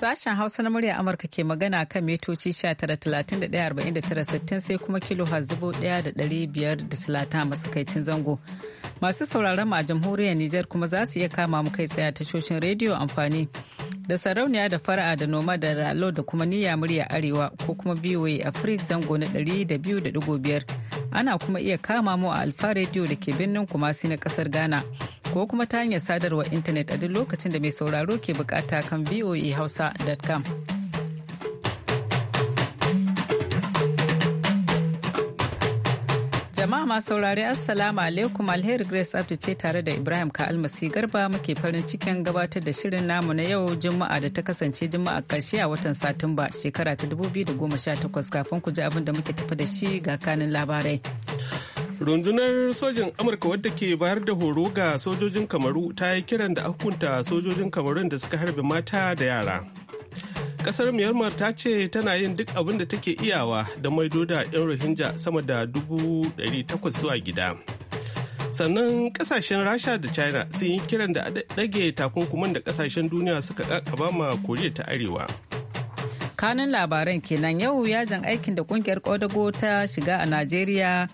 Sashen Hausa na murya Amurka ke magana kan mitoci 19,31,49,60 sai kuma kilo zubo 1,530 matsakaicin zango. Masu sauraron mu a jamhuriyar Nijar kuma za su iya kama mu kai tsaye tashoshin rediyo amfani da sarauniya da fara'a da noma da ralo da kuma niyya murya arewa ko kuma a Africa zango na 200.5 ana kuma iya kama mu a alfa rediyo da ke birnin Kumasi na kasar Ghana. ko kuma ta hanyar sadarwar intanet a duk lokacin da mai sauraro ke bukata kan voahausa.com. jama'a masu saurari assalamu alaikum alheri grace abdu ce tare da ibrahim ka almasi garba muke farin cikin gabatar da shirin namu na yau juma'a da ta kasance juma'a karshe a watan satumba shekara ta 2018 kafin ku ji abin da muke tafi da shi ga kanin labarai rundunar sojin amurka wadda ke bayar da horo ga sojojin kamaru ta yi kiran da hukunta sojojin kamarun da suka harbe mata da yara kasar myanmar ta ce tana yin duk abin da take iyawa da maido da 'yan rohingya sama da dubu 800 zuwa gida sannan kasashen rasha da china sun yi kiran da dage takunkuman da kasashen duniya suka kakaba ma koriya ta arewa kanun labaran kenan yau yajin aikin da kungiyar kodago ta shiga a najeriya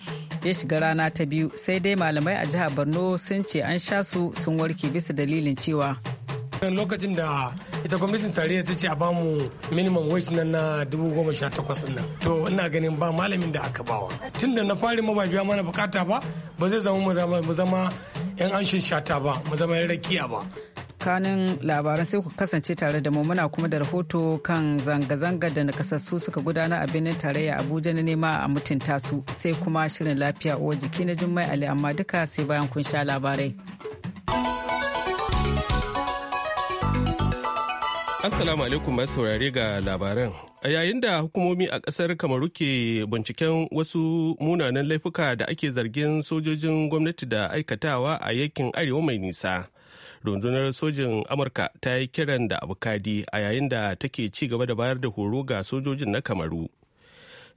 ya shiga rana ta biyu sai dai malamai a jihar borno sun ce an sha su sun warke bisa dalilin cewa lokacin da ita gwamnatin tarayya ta ce a bamu minimum wage nan na dubu goma sha nan to ina ganin ba malamin da aka bawa tun da na fari ma ba biya mana bukata ba ba zai zama mu zama yan amshin shata ba mu zama yan rakiya ba kanin labaran sai ku kasance tare da mu muna kuma da rahoto kan zanga-zangar da nakasassu suka gudana a birnin tarayya abuja na nema a mutunta su sai kuma shirin lafiya uwa jiki na jimmai ali amma duka sai bayan kun sha labarai assalamu alaikum masu saurare ga labaran a yayin da hukumomi a kasar kamaru ke binciken wasu munanan laifuka da ake zargin sojojin gwamnati da aikatawa a yankin arewa mai nisa rundunar sojin amurka ta yi kiran da abukadi a yayin da take ci gaba da bayar da horo ga sojojin na kamaru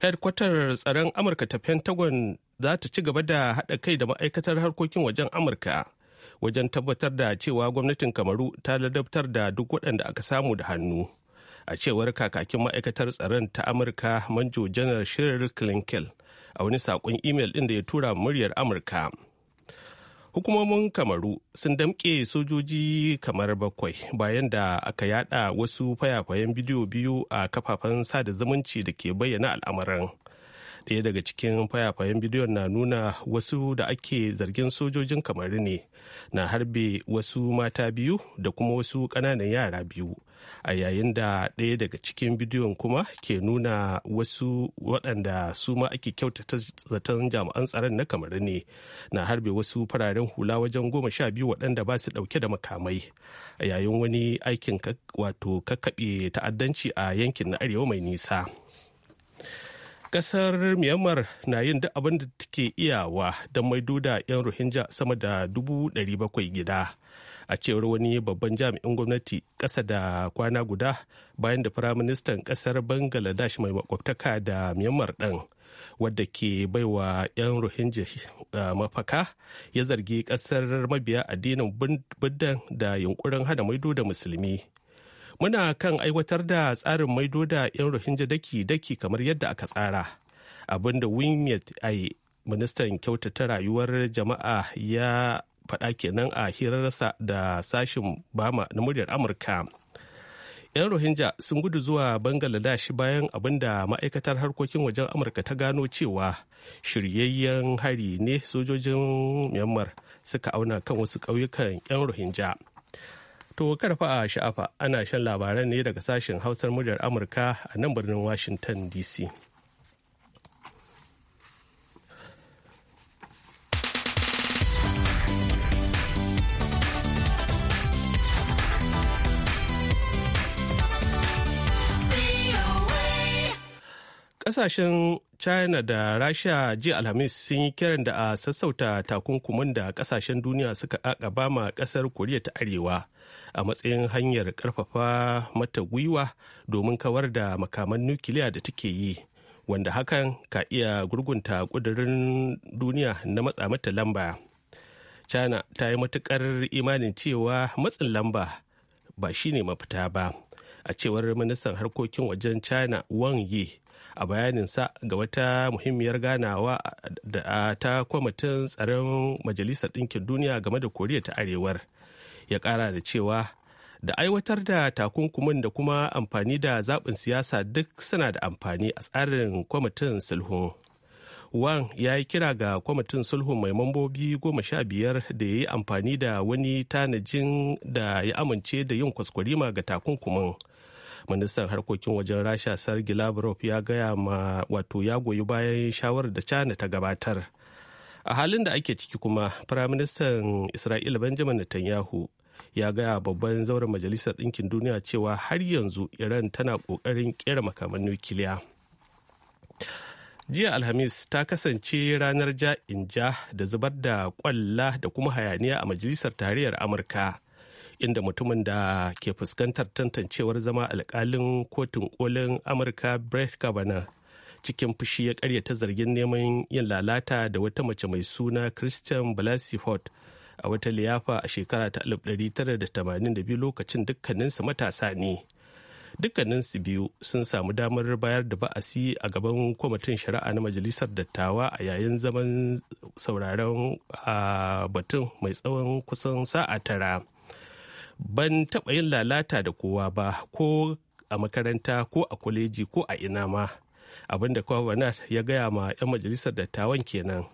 headkwatar tsaron amurka ta pentagon za ta ci gaba da haɗa kai da ma'aikatar harkokin wajen amurka wajen tabbatar da cewa gwamnatin kamaru ta ladabtar da duk waɗanda aka samu da hannu a cewar kakakin ma'aikatar tsaron ta amurka manjo janar shirin klinkel a wani saƙon imel ɗin da ya tura muryar amurka hukumomin kamaru sun damƙe sojoji kamar bakwai bayan da aka yada wasu fayafayen bidiyo biyu a kafafen sada zumunci da ke bayyana al'amuran ɗaya daga cikin fayafayen bidiyon na nuna wasu da ake zargin sojojin kamar ne na harbe wasu mata biyu da kuma wasu ƙananan yara biyu a yayin da ɗaya daga cikin bidiyon kuma ke nuna wasu waɗanda su ma ake kyautata zaton jami'an tsaron na kamar ne na harbe wasu fararen hula wajen goma sha biyu waɗanda ba su ɗauke da makamai a yayin wani aikin wato kakkaɓe ta'addanci a yankin na arewa mai nisa kasar myanmar na yin duk abin da take iyawa don maido da 'yan rohingya sama da 700 gida a cewar wani babban jami'in gwamnati ƙasa da kwana guda bayan da firaministan ƙasar bangladesh mai makwabtaka da myanmar ɗin wadda ke baiwa 'yan rohingya eh, mafaka ya zargi ƙasar mabiya addinin buddan da yunkurin hana maido da musulmi muna kan aiwatar da tsarin maido da 'yan rohingya daki-daki kamar yadda aka tsara abinda Winyat ai ministan kyautata rayuwar jama'a ya faɗa kenan a hirarsa da sashin bama na muryar amurka 'yan rohingya sun gudu zuwa bangaladesh bayan abinda ma'aikatar harkokin wajen amurka ta gano cewa shiryayyen hari ne sojojin myanmar suka auna kan wasu ƙauyukan 'yan rohingya To karfa a sha'afa ana shan labaran ne daga sashen hausar muryar Amurka a nan birnin Washington DC. Ƙasashen china da rasha jiya alhamis sun yi kiran da a sassauta takunkumin da kasashen duniya suka akaba ma kasar koriya ta arewa a matsayin hanyar karfafa mata gwiwa domin kawar da makaman nukiliya da take yi wanda hakan ka iya gurgunta kudurin duniya na matsa mata lamba china ta yi matukar imanin cewa matsin lamba ba shine mafita ba a cewar ministan harkokin wajen china wang yi a bayaninsa ga wata muhimmiyar ganawa da ta kwamitin tsaron majalisar ɗinkin duniya game da koriya ta arewar ya ƙara da cewa da aiwatar da takunkumin da kuma amfani da zaɓin siyasa duk suna da amfani a tsarin kwamitin sulhu wang ya yi kira ga kwamitin sulhu mai mambobi goma sha biyar da ya yi amfani da wani tanajin da ya amince da yin kwaskwarima ga takunkumin ministan harkokin wajen rasha sergi lavrov ya gaya ma wato ya goyi bayan shawarar da china ta gabatar a halin da ake ciki kuma firaministan isra'ila benjamin netanyahu ya gaya babban zauren majalisar ɗinkin duniya cewa har yanzu iran tana ƙoƙarin ƙera makaman nukiliya jiya alhamis ta kasance ranar ja-in-ja da zubar da kwalla da kuma hayaniya a majalisar tarayyar amurka inda mutumin da ke fuskantar tantancewar zama alkalin kotun kolin amurka brett kavanaugh cikin fushi ya karyata zargin neman yin lalata da wata mace mai suna christian blasey ford a wata liyafa a shekara ta 1982 lokacin dukkaninsu matasa ne dukkaninsu biyu sun samu damar bayar da ba'asi a gaban kwamitin shari'a na majalisar dattawa a yayin zaman sauraron batun mai tsawon kusan sa'a tara ban taɓa yin lalata da kowa ba ko a makaranta ko a kwaleji ko a ina ma abinda da ya gaya ma 'yan majalisar dattawan kenan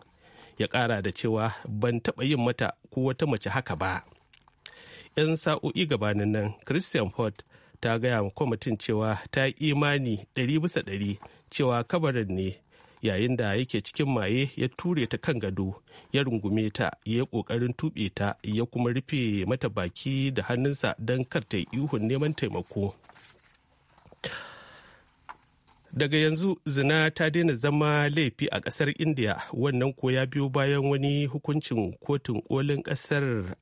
ya ƙara da cewa ban taɓa yin mata ko wata mace haka ba 'yan sa'o'i gabanin nan christian ford ta gaya ma kwamitin cewa ta imani ɗari bisa ɗari cewa kabarin ne yayin da yake cikin maye ya ture ta kan gado ya rungume ta ya yi kokarin tuɓe ta ya kuma rufe mata baki da hannunsa don kar ta ihun neman taimako daga yanzu zina ta daina zama laifi a kasar india wannan ko ya biyo bayan wani hukuncin kotun kolin ƙasar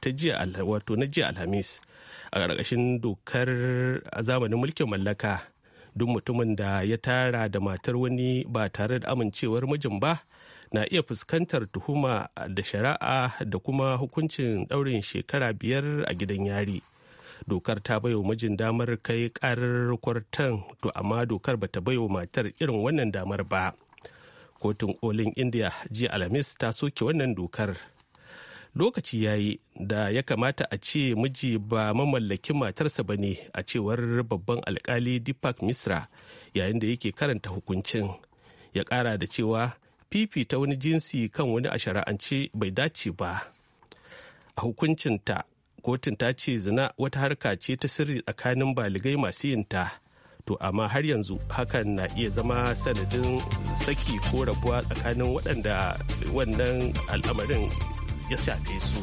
ta jiya wato na jiya alhamis a ƙarƙashin dokar a zamanin mulkin mallaka duk mutumin da ya tara da matar wani ba tare da amincewar mijin ba na iya fuskantar tuhuma da shari'a da kuma hukuncin ɗaurin shekara biyar a gidan yari dokar ta baiwa mijin damar kai karar kwartan to amma dokar ba bata baiwa matar irin wannan damar ba kotun kolin india jiya alhamis ta soke wannan dokar lokaci ya yi da ya kamata a ce miji ba mamallakin matarsa ba ne a cewar babban alkali Deepak Misra yayin da yake karanta hukuncin. Ya ƙara da cewa fifita wani jinsi kan wani a shari'ance bai dace ba. A hukuncin ta, kotun ta ce zina wata harka ce ta sirri tsakanin baligai masu yinta. To amma har yanzu hakan na iya zama sanadin saki ko rabuwa tsakanin waɗanda wannan al'amarin ya shafe su.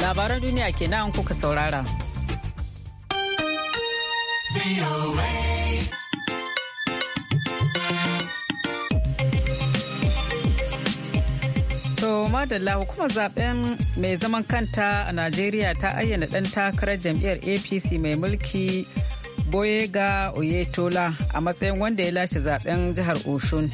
Labaran duniya kenan kuka saurara. madalla hukumar zaben mai zaman kanta a najeriya ta ayyana ɗan takarar jam'iyyar apc mai mulki boyega oyetola a matsayin wanda ya lashe zaben jihar oshun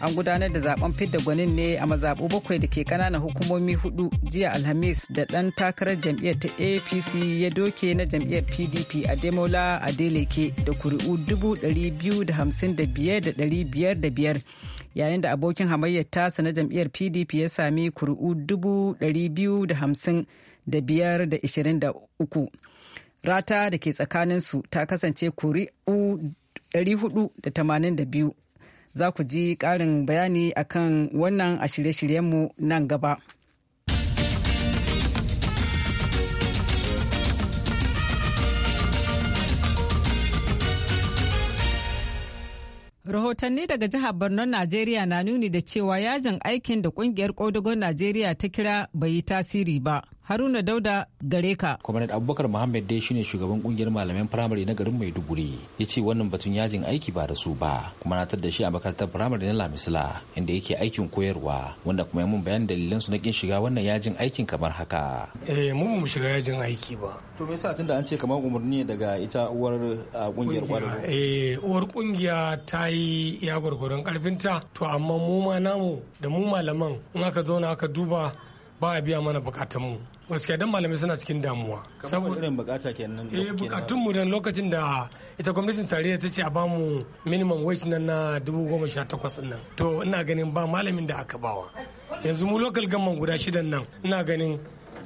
an gudanar da zaben fidda gwanin ne a mazaɓu bakwai da ke ƙananan hukumomi hudu jiya alhamis da ɗan takarar jam'iyyar ta apc ya doke na jam'iyyar pdp a demola adeleke da kuri'u biyar yayin da abokin hamayyar tasa na jam'iyyar pdp ya sami kuri'u uku. rata da ke tsakanin su ta kasance kuri'u 482 za ku ji karin bayani akan wannan a shirye mu nan gaba. Rahotanni daga jihar Borno Najeriya na nuni da cewa yajin aikin da kungiyar kodogon Najeriya ta kira bai yi tasiri ba. Haruna Dauda gare ka. Kwamanar Abubakar Muhammad dai shine shugaban kungiyar malaman firamare na garin Maiduguri. Ya ce wannan batun yajin aiki ba da su ba, kuma na da shi a makarantar firamare na Lamisila inda yake aikin koyarwa, wanda kuma ya mun bayan dalilan su na kin shiga wannan yajin aikin kamar haka. Eh mu mu shiga yajin aiki ba. To me yasa tunda an ce kamar umarni daga ita uwar uh, kungiyar kwadago? Eh uwar kungiya ta yi ya gwargwaron karfinta, to amma mu ma namu da mu malaman in aka zauna aka duba ba a biya mana bukatunmu wasu dan malamai suna cikin damuwa saboda irin bukata kenan eh bukatun mu dan lokacin da ita gwamnatin tarayya ta ce a bamu minimum wage nan na 2018 nan to ina ganin ba malamin da aka bawa yanzu mu local gamman guda shidan nan ina ganin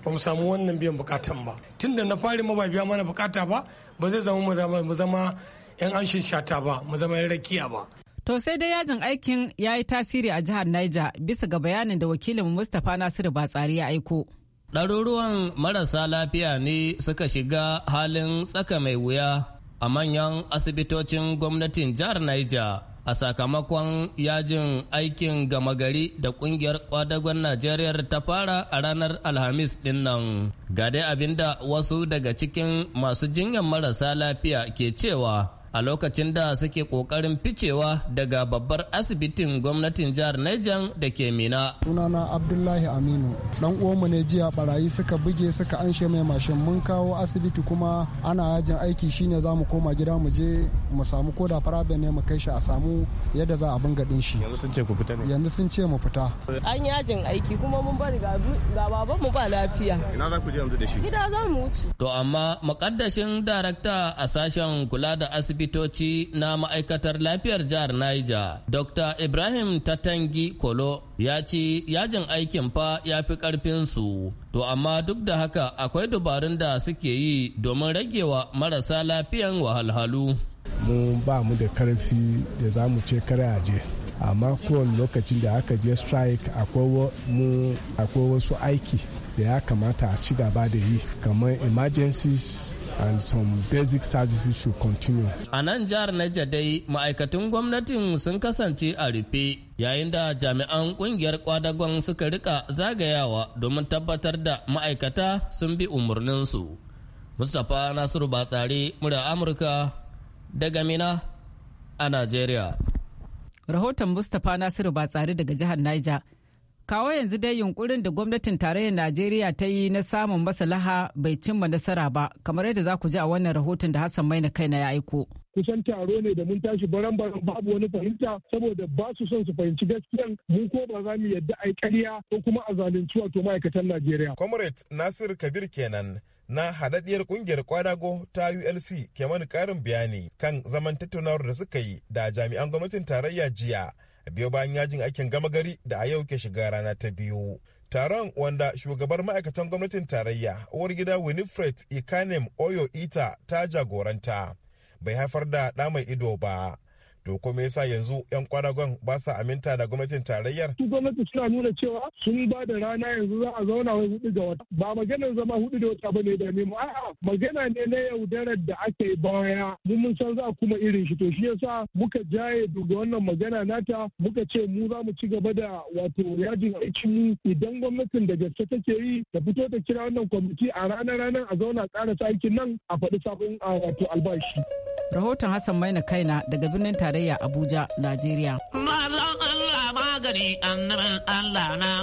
ba mu samu wannan biyan bukatan ba da na fari ma ba biya mana bukata ba ba zai zama mu zama yan anshin shata ba mu zama yan rakiya ba To sai dai yajin aikin ya yi tasiri a jihar Niger bisa ga bayanin da wakilin Mustapha Nasiru Batsari ya aiko. Ɗaruruwan marasa lafiya ne suka shiga halin tsaka mai wuya a manyan asibitocin gwamnatin jihar Niger a sakamakon yajin aikin gama gari da ƙungiyar kwadagon Najeriya ta fara a ranar Alhamis din nan. Ga dai abinda wasu daga cikin masu jinyar marasa lafiya ke cewa a lokacin da suke kokarin ficewa daga babbar asibitin gwamnatin jihar Niger da ke Mina. Sunana Abdullahi Aminu, dan uwanmu ne jiya barayi suka buge suka anshe mai mashin mun kawo asibiti kuma ana yajin aiki shine za mu koma gida mu je mu samu koda farabe ne mu kai shi a samu yadda za a bunga din shi. Yanzu sun ce ku fita ne. Yanzu sun ce mu fita. An yajin aiki kuma mun bari ga baban mu ba lafiya. Ina za ku je yanzu da shi? Gida za mu wuce. To amma makaddashin darakta a sashen kula da asibiti likitoci na ma'aikatar lafiyar jihar Niger, Dr. Ibrahim Tatangi Kolo ya ce yajin aikin fa ya fi ƙarfinsu. To amma duk da haka akwai dubarun da suke yi domin ragewa marasa lafiyan wahalhalu. Mu ba mu da karfi da za mu ce kare aje. amma kowane lokacin da aka je strike akwai wasu aiki da ya kamata a ci gaba da yi kamar emergencies and some basic services should continue. A nan jihar Niger dai ma'aikatan gwamnatin sun kasance a rufe yayin da jami'an kungiyar kwadagon suka rika zagayawa domin tabbatar da ma'aikata sun bi umarninsu. Mustapha Nasiru Batsari, murya Amurka daga Mina a Najeriya. Rahoton Mustapha Nasiru Batsari daga jihar Niger. kawo yanzu dai yunkurin da gwamnatin tarayyar najeriya ta yi na samun maslaha bai cimma nasara ba kamar yadda za ku ji a wannan rahoton da hassan maina na ya aiko kusan taro ne da mun tashi baran baran babu wani fahimta saboda ba su son su fahimci gaskiyan mu ko ba za mu yadda yi ƙarya ko kuma a zalunci wato ma'aikatan najeriya comrade nasir kabir kenan na haɗaɗɗiyar ƙungiyar kwadago ta ulc ke mani ƙarin bayani kan zaman tattaunawar da suka yi da jami'an gwamnatin tarayya jiya biyo bayan yajin aikin gama gari da a yau ke shiga rana ta biyu. Taron wanda shugabar ma'aikatan gwamnatin tarayya uwar gida Winifred Ikanem Oyo Ita ta jagoranta bai haifar da ɗa mai ido ba. To kuma yasa yanzu 'yan kwaragon ba sa aminta da gwamnatin tarayyar? Su gwamnati suna nuna cewa sun ba da rana yanzu za a zauna wai hudu da wata. Ba maganar zama hudu da wata bane da nemo. A'a magana ne na yaudarar da aka yi baya. Mun mun san za kuma irin shi to shi yasa muka jaye daga wannan magana nata muka ce mu za mu ci gaba da wato yajin aikin mu idan gwamnatin da gaske take yi ta fito ta kira wannan kwamiti a ranar ranar a zauna ƙarasa aikin nan a faɗi sabon wato albashi. Rahoton Hassan Maina Kaina daga birnin tarayya Abuja, Najeriya.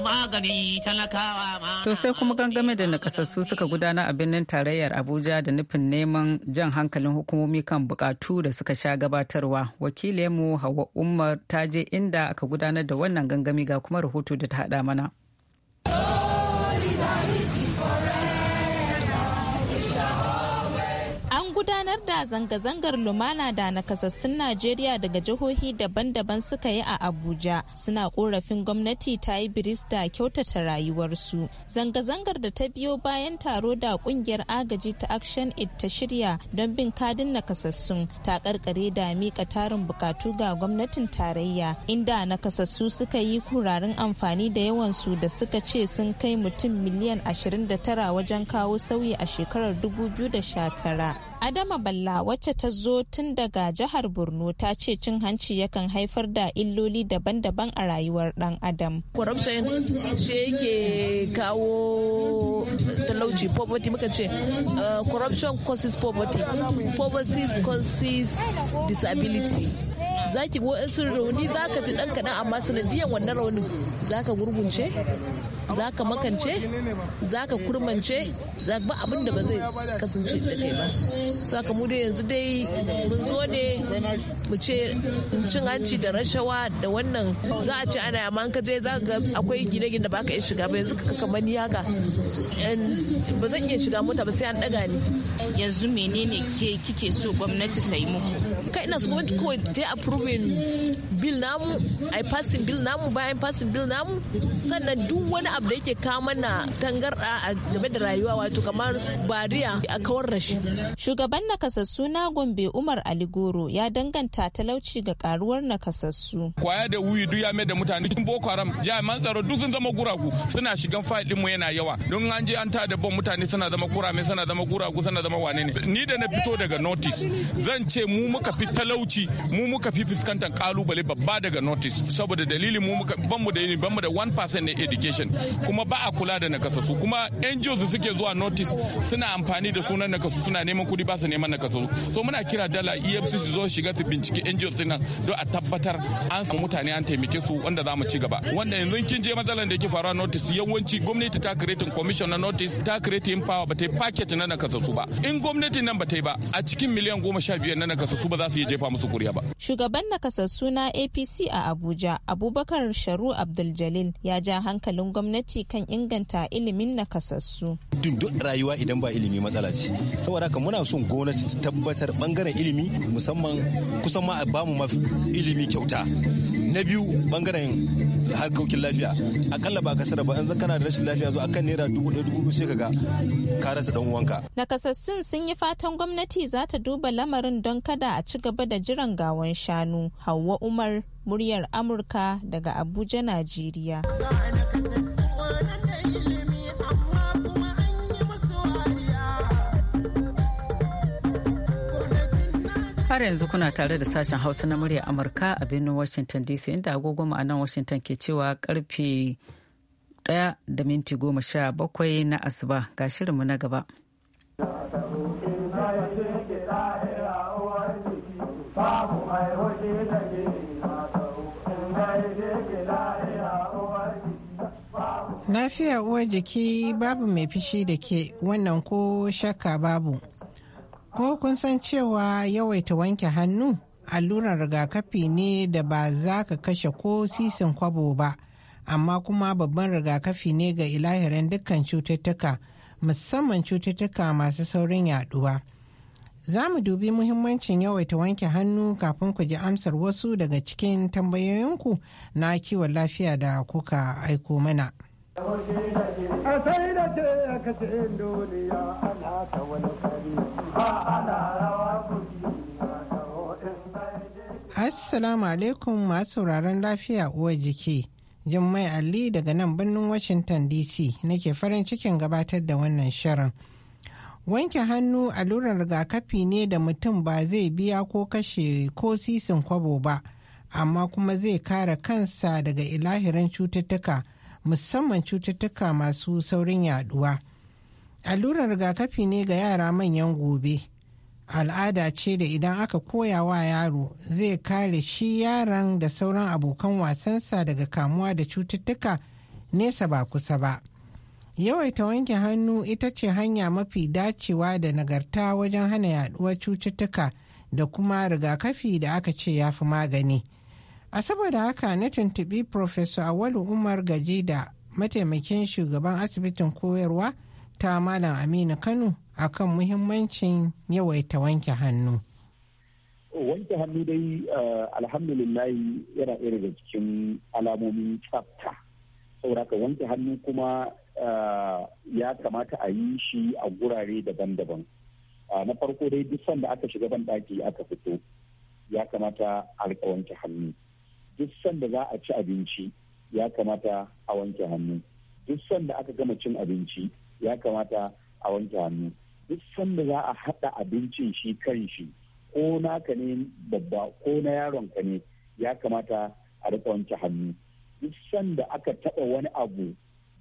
magani talakawa To sai kuma gangame da nakasassu suka gudana a birnin tarayyar Abuja da nufin neman jan hankalin hukumomi kan bukatu da suka sha gabatarwa. Wakilinmu Hawa Umar ta je inda aka gudanar da wannan gangami ga kuma rahoto da ta hada mana. gudanar da zanga-zangar lumana da nakasassun Najeriya daga jihohi daban-daban suka yi a Abuja suna korafin gwamnati ta yi biris da kyautata rayuwarsu. Zanga-zangar da ta biyo bayan taro da kungiyar agaji ta Action Aid ta shirya don bin kadin nakasassun ta karkare da mika tarin bukatu ga gwamnatin tarayya inda nakasassu suka yi kurarin amfani da yawansu da suka ce sun kai mutum miliyan 29 wajen kawo sauyi a shekarar 2019. Adama Balla wacce ta zo tun daga jihar Borno ta ce cin hanci yakan haifar da illoli daban-daban a rayuwar dan Adam. Corruption shi yake kawo talauci poverty muka ce eh, corruption causes poverty, poverty causes disability. za ki wasu rauni za ka ji dan kaɗan amma sanadiyan wannan raunin za ka gurgunce za ka makance za ka kurmance za ba abin da ba zai kasance da kai ba su aka mu yanzu dai mun zo ne mu ce cin hanci da rashawa da wannan za a ce ana amma ka je za ga akwai gine-gine da ba ka iya shiga ba yanzu ka kamar ni haka ba zan iya shiga mota ba sai an daga ni yanzu menene ke kike so gwamnati ta yi muku kai ina so gwamnati kawai ta yi approving bill namu ai passing bill namu bayan passing bill namu sannan duk wani abu da yake kawo mana tangarda a game da rayuwa wato kamar bariya a kawar da shi shugaban nakasassu na gombe umar ali goro ya danganta talauci ga karuwar nakasassu kwaya da wuyi duk ya mai da mutane cikin boko haram jami'an tsaro duk sun zama guragu suna shigan fayil mu yana yawa don an je an da bom mutane suna zama kurame suna zama guragu suna zama wane ne ni da na fito daga notice zan ce mu muka fi talauci mu muka fi yi fuskantar kalubale babba daga notice saboda dalili mu ban mu da yini ban mu da 1% na education kuma ba a kula da nakasasu kuma NGOs suke zuwa notice suna amfani da sunan nakasu suna neman kudi ba su neman nakasasu so muna kira dala EFCC zo shiga su bincike NGOs din don a tabbatar an samu mutane an taimake su wanda za mu ci gaba wanda yanzu kin je matsalar da yake faruwa notice yawanci gwamnati ta creating commission na notice ta creating power ba ta yi packet na nakasasu ba in gwamnati nan ba ta yi ba a cikin miliyan goma sha biyar na nakasasu ba za su iya jefa musu kuriya ba Shugaban nakasassu na APC a Abuja, Abubakar Sharu Abdul-Jalil ya ja hankalin gwamnati kan inganta ilimin nakasassu. Dun rayuwa idan ba ilimi matsala ce. Saboda haka muna son gwamnati ta tabbatar bangaren ilimi musamman kusan ma a bamu ilimi kyauta. Na biyu bangaren harkokin lafiya akalla ba kasar ba yanzu kana da rashin lafiya zo akan naira dubu ɗaya dubu sai ka ga ka rasa dan uwanka nakasassun sun yi fatan gwamnati za ta duba lamarin don kada a ci gaba da jiran gawan shanu hawa umar muryar amurka daga abuja najeriya har yanzu kuna tare da sashen hausa na murya amurka a birnin washington dc inda agogo ma'anan washington ke cewa karfe 1 da minti 17 na asuba ga shirinmu na gaba lafiya uwar jiki babu mai fishi da ke wannan ko shakka babu Ko kun san cewa yawaita wanke hannu allurar rigakafi ne da ba za ka kashe ko sisin kwabo ba, amma kuma babban rigakafi ne ga ilahirin dukkan cututtuka, musamman cututtuka masu saurin yaduwa. Za mu dubi muhimmancin yawaita wanke hannu kafin ku ji amsar wasu daga cikin tambayoyinku na kiwon lafiya da kuka aiko mana. Assalamu alaikum masu sauraron lafiya uwar jiki. Jummai Ali daga nan birnin Washington DC nake farin cikin gabatar da wannan shirin. Wanke hannu lurar rigakafi ne da mutum ba zai biya ko kashe ko sisin kwabo ba, amma kuma zai kare kansa daga ilahirin cututtuka musamman cututtuka masu saurin yaduwa. Allurar rigakafi ne ga yara manyan gobe. Al'ada ce da idan aka koya wa yaro zai kare shi yaran da sauran abokan wasansa daga kamuwa da cututtuka nesa ba kusa ba. Yawaita wanke hannu ita ce hanya mafi dacewa da nagarta wajen hana yaduwar cututtuka da kuma rigakafi da aka ce ya fi magani. a saboda haka na tuntubi professor awalu umar gaji da mataimakin shugaban asibitin koyarwa ta malam aminu kano akan muhimmancin yawaita wanke hannu wanke hannu dai ah, alhamdulillahi yana ɗaya daga cikin alamomin tsafta sauraka wanke hannu kuma ah, ya kamata a yi shi a gurare daban-daban ah, na farko dai duk sanda aka shiga ban ɗaki aka fito ya kamata a wanke hannu duk sanda za a ci abinci ya kamata a wanke hannu duk sanda aka gama cin abinci ya kamata a wanke hannu duk sanda za a haɗa abincin shi kan shi ko naka ne babba ko na yaron ka ne ya kamata a rika wanke hannu duk sanda aka taɓa wani abu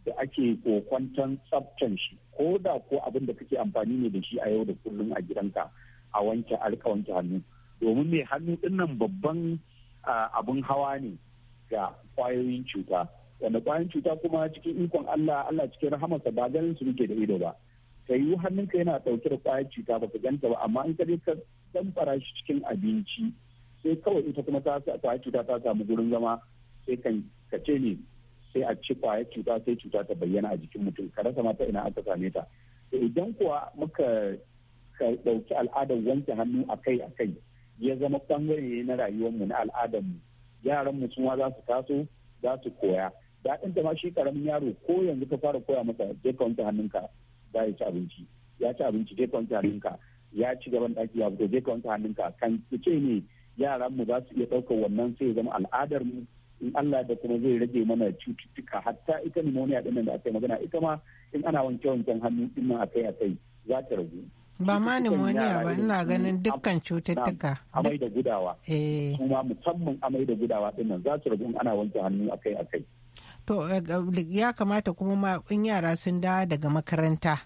da ake kokwanton tsaftan shi ko da ko abin da kake amfani ne da shi a yau da kullum a gidanka a wanke a rika wanke hannu domin mai hannu ɗinnan babban abun hawa ne ga kwayoyin cuta wanda kwayoyin cuta kuma cikin ikon Allah Allah cikin rahamarsa ba ganin su muke da ido ba ka yi ka yana ɗauke da kwayar cuta ba ka ganta ba amma in ka je ka damfara shi cikin abinci sai kawai ita kuma ta kwayar cuta ta samu gurin zama sai kan ka ce ne sai a ci kwayar cuta sai cuta ta bayyana a jikin mutum ka rasa mata ina aka same ta idan kuwa muka ɗauki al'adar wanke hannu akai akai ya zama ɓangare ne na rayuwarmu na al'adarmu yaran mu suma za su taso za su koya daɗin da ma shi karamin yaro ko yanzu ka fara koya masa je ka wanke hannunka za ya ci abinci ya ci abinci je ka wanke hannunka ya ci gaban ɗaki ya fito je ka wanke hannunka kan ce ne yaran mu za su iya ɗaukar wannan sai ya zama mu in Allah da kuma zai rage mana cututtuka hatta ita pneumonia ɗin da aka yi magana ita ma in ana wanke wanken hannu ɗin nan akai akai za ta ragu ba ma ba ina ganin dukkan cututtuka amai da gudawa kuma eh. musamman amai da gudawa dinnan za su rabu ana wanke hannu akai akai to eh, ya kamata kuma ma in yara sun da daga makaranta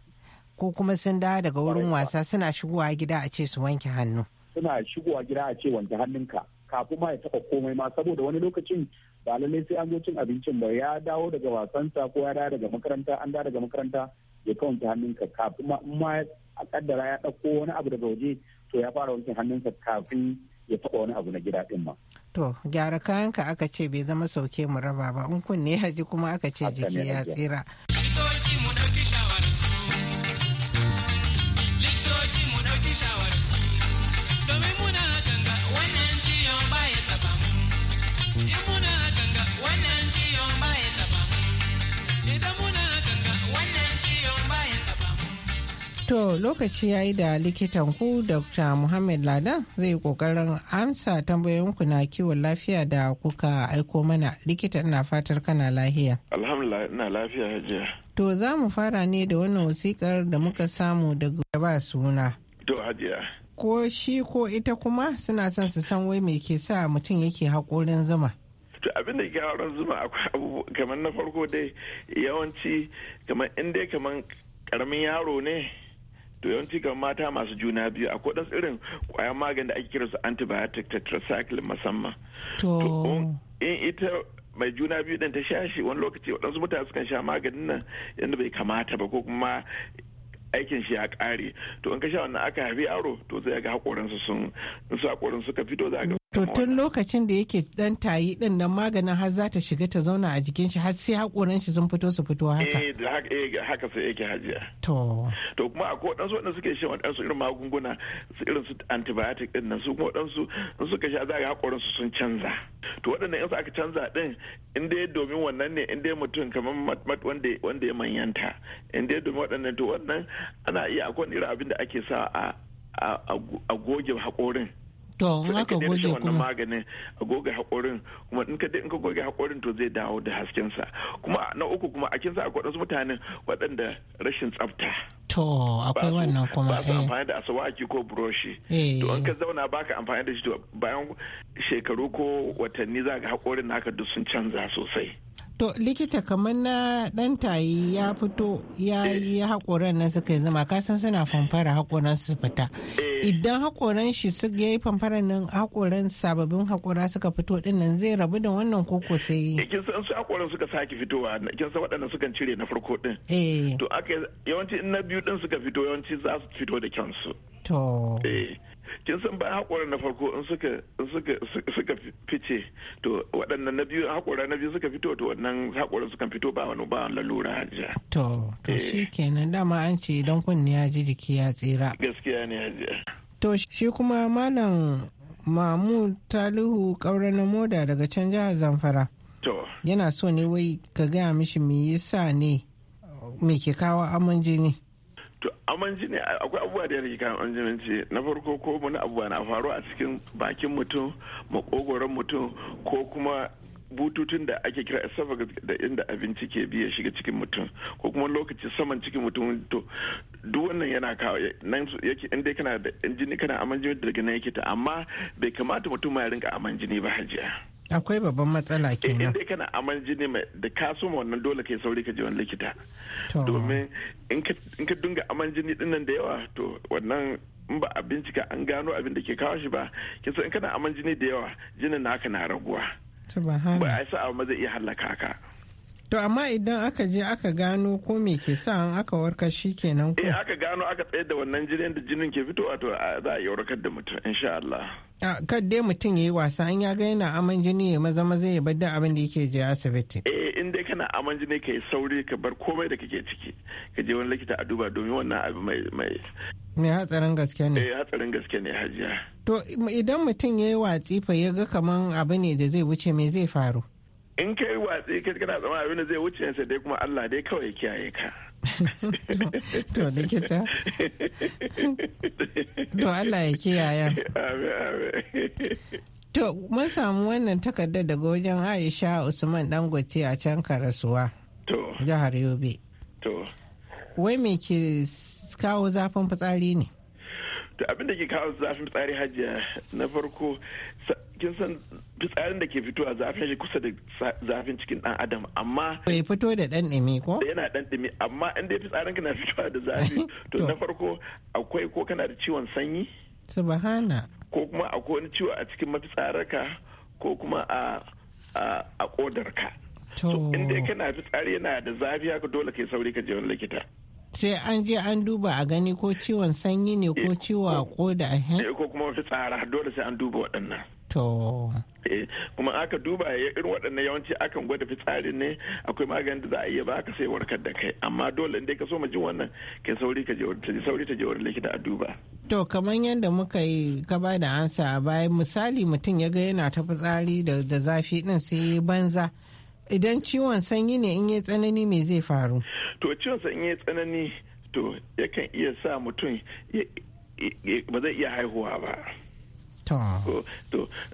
ko kuma sun da daga wurin wasa suna shigowa gida a ce su wanke hannu suna shigowa gida a ce wanke hannunka kafin ma ya taba komai ma saboda wani lokacin ba lallai sai an zo cin abincin ba ya dawo daga wasansa ko ya dawo daga makaranta an dawo daga makaranta ya kawance hannunka kafin ma a kaddara ya ɗauko wani abu daga waje to ya fara wanke hannunsa kafin ya taɓa wani abu na gida ɗin ma. To gyara kayanka aka ce bai zama sauke mu raba ba in kunne ya ji kuma aka ce jiki ya tsira. Likitoci mu ɗauki shawararsu. Likitoci mu To lokaci ya yi da likitan ku Dr. Muhammad Ladan zai yi kokarin amsa tambayoyinku na kiwon lafiya da kuka aiko mana likita na fatar kana lafiya. Alhamdulillah ina lafiya hajiya. To za mu fara ne da wannan wasikar da muka samu daga gaba suna. To hajiya. Ko shi ko ita kuma suna son su san wai mai ke sa mutum yake haƙorin zuma. to abin da ke auren zuma akwai abu kamar na farko dai yawanci kamar in dai kamar karamin yaro ne to yawanci ga mata masu juna biyu akwai ɗan irin ƙwayar magani da ake kira su antibiotic tetracycline musamman to in ita mai juna biyu ɗin ta sha shi wani lokaci waɗansu mutane sukan sha maganin nan yadda bai kamata ba ko kuma aikin shi ya kare to in ka sha wannan aka haifi yaro to zai ga hakoransu sun su suka fito za ga To tun lokacin da yake dan tayi din nan maganin har za ta shiga ta zauna a jikin shi har sai hakoran shi sun fito su fito haka. Eh da haka eh, haka sai yake hajiya. To. To kuma akwai wadansu wadanda suke shan wadansu irin magunguna su irin su antibiotic din nan su kuma wadansu sun suka sha za hakoran su sun canza. To wadannan in aka canza din in dai domin wannan ne in dai mutum kamar wanda wanda ya manyanta in dai domin wadannan to wannan ana iya akwai irin abin da ake sa a a goge hakorin. to in goge kuma wannan maganin a goge hakorin kuma in ka in ka goge hakorin to zai dawo da hasken sa kuma na uku kuma a kinsa akwai wasu mutanen waɗanda rashin tsafta to akwai wannan kuma ba su eh. amfani da asawaki ko buroshi eh. to in ka zauna baka amfani da shi to bayan shekaru ko watanni za ga hakorin naka duk sun canza sosai To likita kamar na ɗan tayi ya fito ya yi eh. haƙoran nan suka yi zama kasan suna famfara haƙoran su fita. Eh. Idan haƙoran shi su ya yi famfara nan haƙoran sababbin haƙora suka fito ɗin nan zai rabu da wannan koko sai. Eh, kin san su haƙoran suka sake fitowa kin san waɗanda sukan cire na farko ɗin. To aka yawanci in na biyu ɗin suka fito yawanci za su fito da kyansu. To. kin san bayan hakoran na farko in suka suka fice to waɗannan na biyu hakoran na biyu suka fito to wannan haƙoran suka fito ba wani ba lura hajiya to to da eh. dama an ce idan kunni ya ji jiki ya tsira gaskiya ne hajiya to shi kuma malam mamu talihu kaura na moda daga can jihar zamfara yana so ne wai ka gaya mishi me yasa ne me ke kawo aman jini to aman ne akwai abubuwa da ya rage kayan anjiminci na farko ko wani abubuwa na faru a cikin bakin mutum makogoron mutum ko kuma bututun da ake kira esophagus da inda abinci ke bi ya shiga cikin mutum ko kuma lokaci saman cikin mutum to duk wannan yana kawo nan yake inda kana da jini kana aman jini daga nan yake ta amma bai kamata mutum ya rinka aman jini ba hajiya akwai babban matsala eh, kenan inda kana aman jini mai da ka suma wannan dole kai sauri ka je wani likita domin in ka dunga aman jini dinnan da yawa to wannan in ba a bincika an gano abin da ke kawo shi ba kin so in kana aman jini da yawa jinin naka na raguwa ba a sa ma zai iya hallaka ka To amma idan aka je aka gano ko me ke sa an aka warkar shi kenan ko? Eh aka gano aka tsayar da wannan jinin da jinin ke fitowa to za a yi warkar da mutum insha Allah. kan dai mutum ya yi wasa in ya ga yana aman jini ya maza maza ya bar abin da yake je asibiti. Eh in dai kana aman jini ka yi sauri ka bar komai da kake ciki ka je wani likita a duba domin wannan abu mai mai. Me hatsarin gaske ne? Eh hatsarin gaske ne hajiya. To idan mutum ya yi watsi fa ya ga kaman abu ne da zai wuce me zai faru? In ka yi watsi kana zama abin da zai wuce sai dai kuma Allah dai kawai kiyaye ka. to likita to Allah ya kiyaye to mun samu wannan takardar daga wajen Aisha Usman Dangote a can Karasuwa to jihar Yobe to wai me ke kawo zafin fitsari ne to abin da ke kawo zafin fitsari hajiya na farko kin san fitsarin da ke fitowa zafin shi kusa da zafin cikin dan adam amma bai fito da dan dumi ko yana dan dumi amma in dai fitsarin kana fitowa da zafi to na farko akwai ko kana da ciwon sanyi subhana ko kuma akwai wani ciwo a cikin mafitsararka ko kuma a a kodarka To. in dai kana fitsari yana da zafi haka dole kai sauri ka je wani likita sai an je an duba a gani ko ciwon sanyi ne ko eh, ciwo a koda eh? eh, ko kuma tsara dole sai an duba waɗannan To. Eh, kuma aka duba ya irin waɗannan yawanci akan gwada fitsari ne akwai maganin da za a iya ba ka sai warkar da kai amma dole inda ka so ma jin wannan ka sauri ka je sauri ta je wurin likita a duba to kamar yadda muka yi ka ba da ansa a baya misali mutum ya ga yana ta fitsari da da zafi din sai ya banza idan ciwon sanyi ne in yi tsanani me zai faru to ciwon sanyi ya tsanani to yakan iya sa mutum ba zai iya haihuwa ba to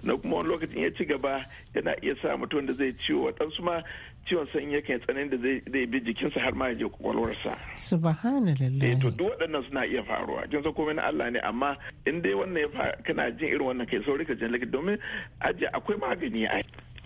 na kuma wani lokacin ya ci gaba yana iya sa mutum da zai ciwo waɗansu ma ciwon sanyi kai tsanani da zai bi jikinsa har ma ya je kwakwalwarsa. Subhanallah. Eh to duk waɗannan suna iya faruwa. jin san komai na Allah ne amma in dai wannan ya kana jin irin wannan kai sauri ka jin likita domin aje akwai magani a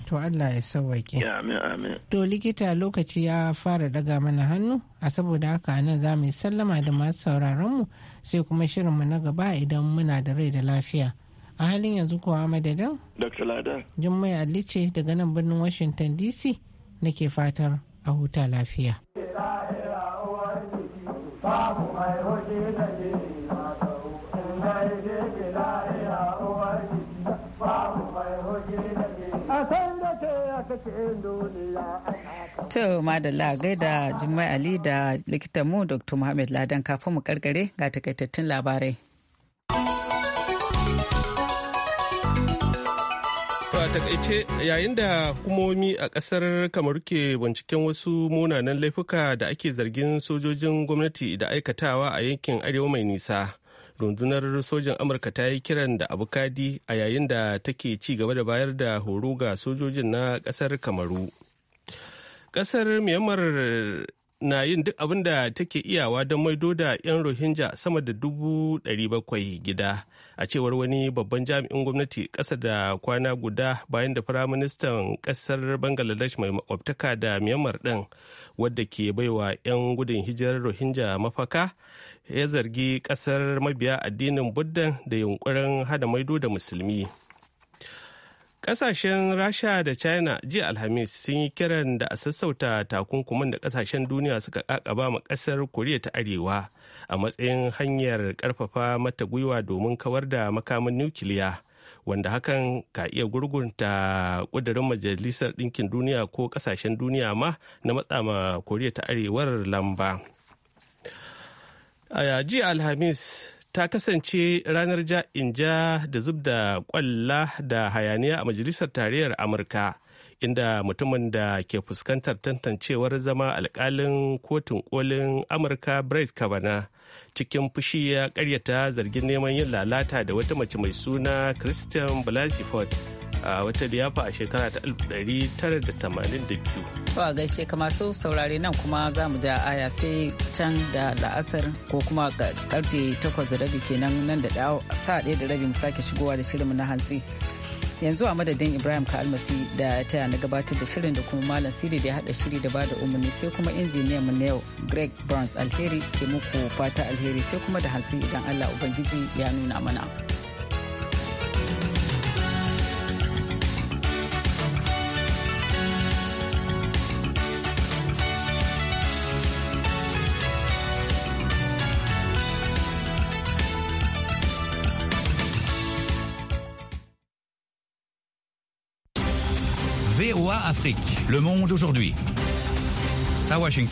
To Allah ya sauwaƙe. Amin amin. To likita lokaci ya fara daga mana hannu a saboda haka a nan za mu sallama da masu sauraronmu sai kuma shirinmu na gaba idan muna da rai da lafiya. a halin yanzu kuwa madadin dr lada jummai ali ce daga nan birnin washington dc nake fatar a huta lafiya To Madalla gaida Jummai Ali da mu Dr. Muhammad Ladan kafin mu karkare ga takaitattun labarai. takaice yayin da hukumomi a kasar kamar ke binciken wasu munanan laifuka da ake zargin sojojin gwamnati da aikatawa a yankin arewa mai nisa rundunar sojin amurka ta yi kiran da abukadi a yayin da take ci gaba da bayar da horo ga sojojin na kasar kamaru kasar myanmar na yin duk abin da take iyawa don maido da 'yan rohingya sama da dubu 700 gida a cewar wani babban jami'in gwamnati ƙasa da kwana guda bayan da firaministan ƙasar bangladesh mai makwabtaka da myanmar ɗin wadda ke baiwa 'yan gudun hijirar rohingya mafaka ya zargi ƙasar mabiya addinin buddan da yunkurin hada maido da musulmi Ƙasashen Rasha da China jiya Alhamis sun yi kiran da a sassauta takunkumin da ƙasashen duniya suka ƙaƙaba ma ƙasar Koriya ta Arewa a matsayin hanyar ƙarfafa mata gwiwa domin kawar da makamin nukiliya. wanda hakan ka iya gurgunta ƙudurin majalisar ɗinkin duniya ko ƙasashen duniya ma na matsama koriya ta arewar lamba a jiya alhamis ta kasance ranar ja-in-ja da zub da kwalla da hayaniya a majalisar tarayyar amurka inda mutumin da ke fuskantar tantancewar zama alkalin kotun kolin amurka brett kavana cikin fushi ya karyata zargin neman yin lalata da wata mace mai suna christian blasey a wata liyafa a shekara ta 1982. Ba gaishe ka masu saurare nan kuma za mu ja aya sai can da la'asar ko kuma karfe 8 da rabi kenan nan da sa ɗaya da rabi mu sake shigowa da shirinmu na hantsi. yanzu a madadin ibrahim kalmasi da taya na gabatar da shirin da kuma malam siri da ya hada shiri da bada umarni sai kuma injiniyan mu na yau greg burns alheri ke muku fata alheri sai kuma da hantsi idan allah ubangiji ya nuna mana. Afrique. Le monde aujourd'hui. À Washington.